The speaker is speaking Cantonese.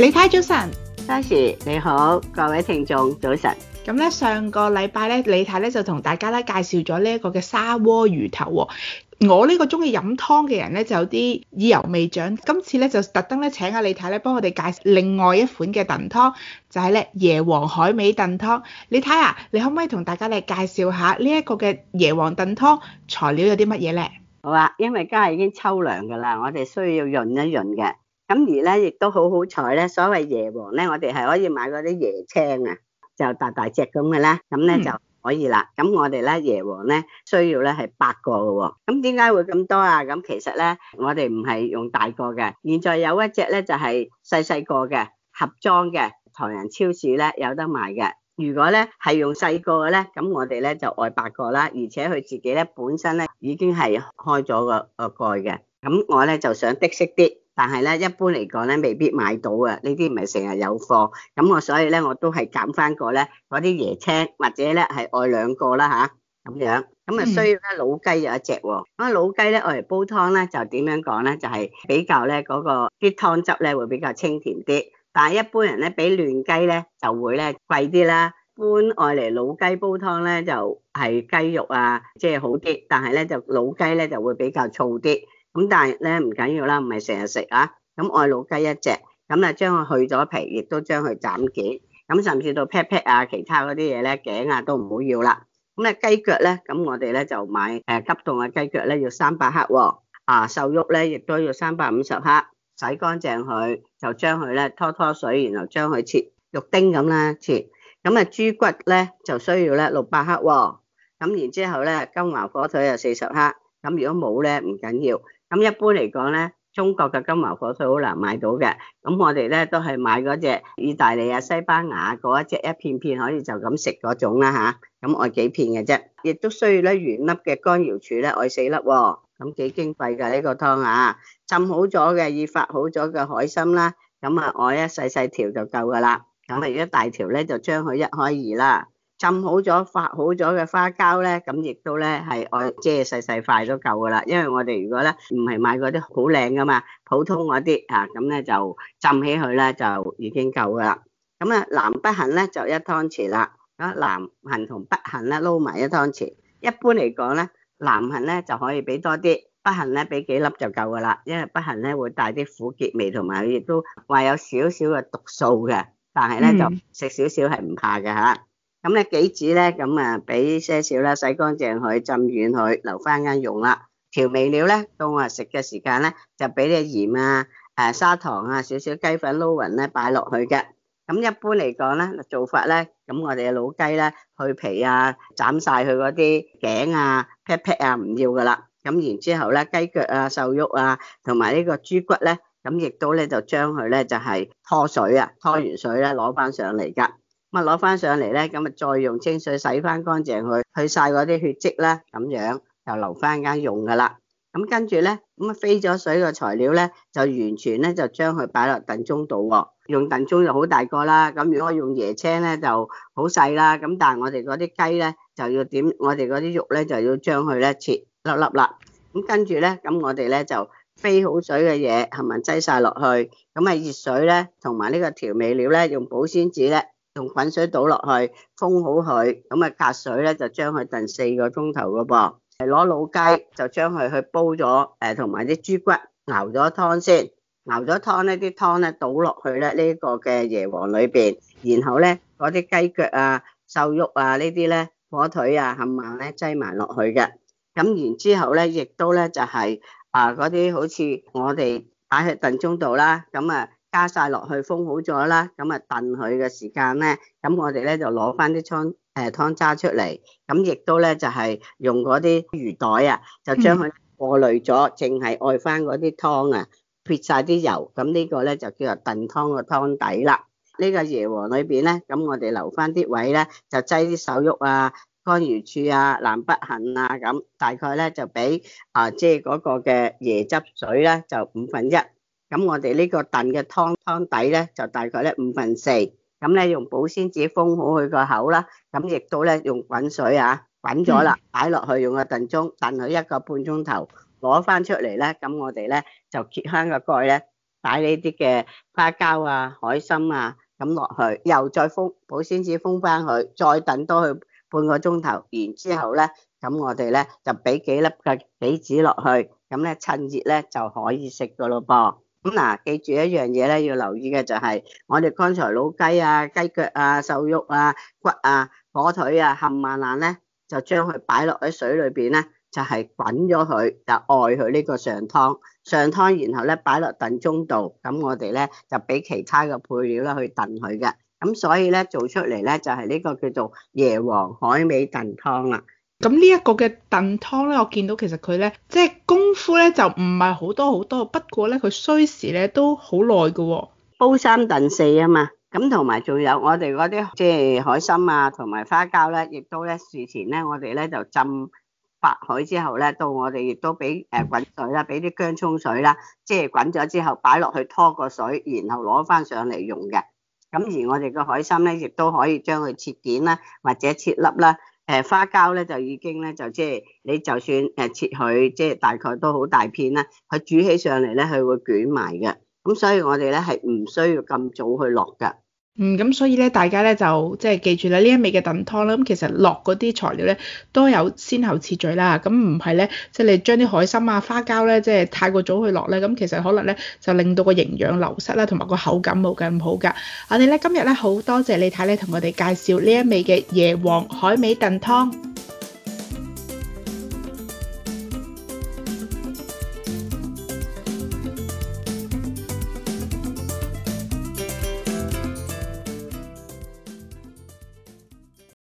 李太早晨，Sashi 你好，各位聽眾早晨。咁咧上個禮拜咧，李太咧就同大家咧介紹咗呢一個嘅砂鍋魚頭。我呢個中意飲湯嘅人咧就有啲意猶未盡，今次咧就特登咧請阿李太咧幫我哋介紹另外一款嘅燉湯，就係咧椰皇海味燉湯。你睇下，你可唔可以同大家嚟介紹下呢一個嘅椰皇燉湯材料有啲乜嘢咧？好啊，因為家下已經秋涼噶啦，我哋需要潤一潤嘅。咁而咧，亦都好好彩咧。所謂椰皇咧，我哋係可以買嗰啲椰青啊，就大大隻咁嘅啦。咁咧就可以啦。咁我哋咧椰皇咧需要咧係八個嘅喎、哦。咁點解會咁多啊？咁其實咧，我哋唔係用大個嘅。現在有一隻咧就係細細個嘅盒裝嘅，唐人超市咧有得賣嘅。如果咧係用細個嘅咧，咁我哋咧就外八個啦。而且佢自己咧本身咧已經係開咗個個蓋嘅。咁我咧就想的識啲。但係咧，一般嚟講咧，未必買到啊！呢啲唔係成日有貨，咁我所以咧，我都係揀返個咧，嗰啲椰青，或者咧係愛兩個啦吓，咁、啊、樣，咁啊需要咧老雞有一隻喎、啊。咁老雞咧愛嚟煲湯咧就點樣講咧？就係、就是、比較咧嗰、那個啲、那個、湯汁咧會比較清甜啲，但係一般人咧比嫩雞咧就會咧貴啲啦。一般愛嚟老雞煲湯咧就係、是、雞肉啊，即、就、係、是、好啲，但係咧就老雞咧就會比較燥啲。咁但係咧唔緊要啦，唔係成日食啊。咁愛老雞一隻，咁啊將佢去咗皮，亦都將佢斬件，咁甚至到劈劈啊，其他嗰啲嘢咧頸啊都唔好要啦。咁啊雞腳咧，咁我哋咧就買誒急凍嘅雞腳咧要三百克喎，啊瘦肉咧亦都要三百五十克，洗乾淨佢，就將佢咧拖拖水，然後將佢切肉丁咁啦切。咁啊豬骨咧就需要咧六百克，咁、啊、然之後咧金華火腿又四十克，咁、啊、如果冇咧唔緊要。咁一般嚟講咧，中國嘅金華火腿好難買到嘅，咁我哋咧都係買嗰隻意大利啊、西班牙嗰一隻一片片可以就咁食嗰種啦吓，咁、啊、我幾片嘅啫，亦都需要咧原粒嘅乾瑤柱咧愛四粒，咁、啊、幾矜貴,噶呢個湯啊，浸好咗嘅已發好咗嘅海參啦，咁啊愛一細細條就夠噶啦，咁啊一大條咧就將佢一開二啦。浸好咗發好咗嘅花膠咧，咁亦都咧係我遮細細塊都夠噶啦。因為我哋如果咧唔係買嗰啲好靚噶嘛，普通嗰啲啊，咁咧就浸起佢咧就已經夠噶啦。咁、嗯、啊，南北杏咧就一湯匙啦。啊，南杏同北杏咧撈埋一湯匙。一般嚟講咧，南杏咧就可以俾多啲，北杏咧俾幾粒就夠噶啦。因為北杏咧會帶啲苦澀味同埋，亦都話有少少嘅毒素嘅，但係咧就食少少係唔怕嘅吓。嗯咁咧杞子咧，咁啊俾些少啦，洗乾淨佢，浸軟佢，留翻間用啦。調味料咧，到我哋食嘅時間咧，就俾啲鹽啊、誒砂糖啊，少少雞粉撈匀咧，擺落去嘅。咁一般嚟講咧，嗱做法咧，咁我哋嘅老雞咧，去皮啊，斬晒佢嗰啲頸啊、pat pat 啊，唔要噶啦。咁然之後咧，雞腳啊、瘦肉啊，同埋呢個豬骨咧，咁亦都咧就將佢咧就係拖水啊，拖完水咧攞翻上嚟噶。啊，攞翻上嚟咧，咁啊，再用清水洗翻乾淨佢，去晒嗰啲血跡啦，咁樣又留翻間用噶啦。咁跟住咧，咁啊飛咗水嘅材料咧，就完全咧就將佢擺落燉盅度。用燉盅就好大個啦，咁如果用椰青咧就好細啦。咁但係我哋嗰啲雞咧就要點，我哋嗰啲肉咧就要將佢咧切粒粒啦。咁跟住咧，咁我哋咧就飛好水嘅嘢，係咪？擠晒落去。咁啊熱水咧，同埋呢個調味料咧，用保鮮紙咧。用滾水倒落去，封好佢，咁啊隔水咧就將佢燉四個鐘頭噶噃。係攞老雞就將佢去煲咗，誒同埋啲豬骨熬咗湯先，熬咗湯呢啲湯咧倒落去咧呢、這個嘅椰皇裏邊，然後咧嗰啲雞腳啊、瘦肉啊呢啲咧火腿啊冚唪唥咧擠埋落去嘅。咁然之後咧亦都咧就係、是、啊嗰啲好似我哋擺喺燉盅度啦，咁啊。加晒落去封好咗啦，咁啊燉佢嘅時間咧，咁我哋咧就攞翻啲湯誒湯渣出嚟，咁亦都咧就係用嗰啲魚袋啊，就將佢過濾咗，淨係、嗯、愛翻嗰啲湯啊，撇晒啲油，咁呢個咧就叫做燉湯個湯底啦。呢、這個椰皇裏邊咧，咁我哋留翻啲位咧，就擠啲手喐啊，乾魚柱啊，南北杏啊，咁大概咧就俾啊即係嗰個嘅椰汁水咧就五分一。咁我哋呢個燉嘅湯湯底咧就大概咧五分四，咁咧用保鮮紙封好佢個口啦，咁亦都咧用滾水啊滾咗啦，擺落去用個燉盅燉佢一個半鐘頭，攞翻出嚟咧，咁我哋咧就揭開個蓋咧，擺呢啲嘅花膠啊、海參啊咁落去，又再封保鮮紙封翻佢，再等多佢半個鐘頭，然之後咧，咁我哋咧就俾幾粒嘅杞子落去，咁咧趁熱咧就可以食噶咯噃。咁嗱，記住一樣嘢咧，要留意嘅就係、是，我哋剛才老雞啊、雞腳啊、瘦肉啊、骨啊、火腿啊、冚唪唥咧，就將佢擺落喺水裏邊咧，就係滾咗佢，就熬佢呢個上湯，上湯然後咧擺落燉盅度，咁我哋咧就俾其他嘅配料咧去燉佢嘅，咁所以咧做出嚟咧就係、是、呢個叫做椰皇海味燉湯啦。咁呢一個嘅燉湯咧，我見到其實佢咧即係功夫咧就唔係好多好多，不過咧佢需時咧都好耐嘅，煲三燉四啊嘛。咁同埋仲有我哋嗰啲即係海參啊，同埋花膠咧，亦都咧事前咧我哋咧就浸白海之後咧，到我哋亦都俾誒滾水啦，俾啲薑蔥水啦，即係滾咗之後擺落去拖個水，然後攞翻上嚟用嘅。咁而我哋個海參咧，亦都可以將佢切片啦，或者切粒啦。誒，花膠咧就已經咧就即係你就算誒切佢，即係大概都好大片啦。佢煮起上嚟咧，佢會捲埋嘅。咁所以我哋咧係唔需要咁早去落㗎。嗯，咁所以咧，大家咧就即係記住啦，呢一味嘅燉湯啦，咁其實落嗰啲材料咧都有先後次序啦，咁唔係咧，即係你將啲海參啊、花膠咧，即係太過早去落咧，咁其實可能咧就令到個營養流失啦，同埋個口感冇咁好㗎。我哋咧今日咧好多謝你太咧同我哋介紹呢一味嘅椰皇海味燉湯。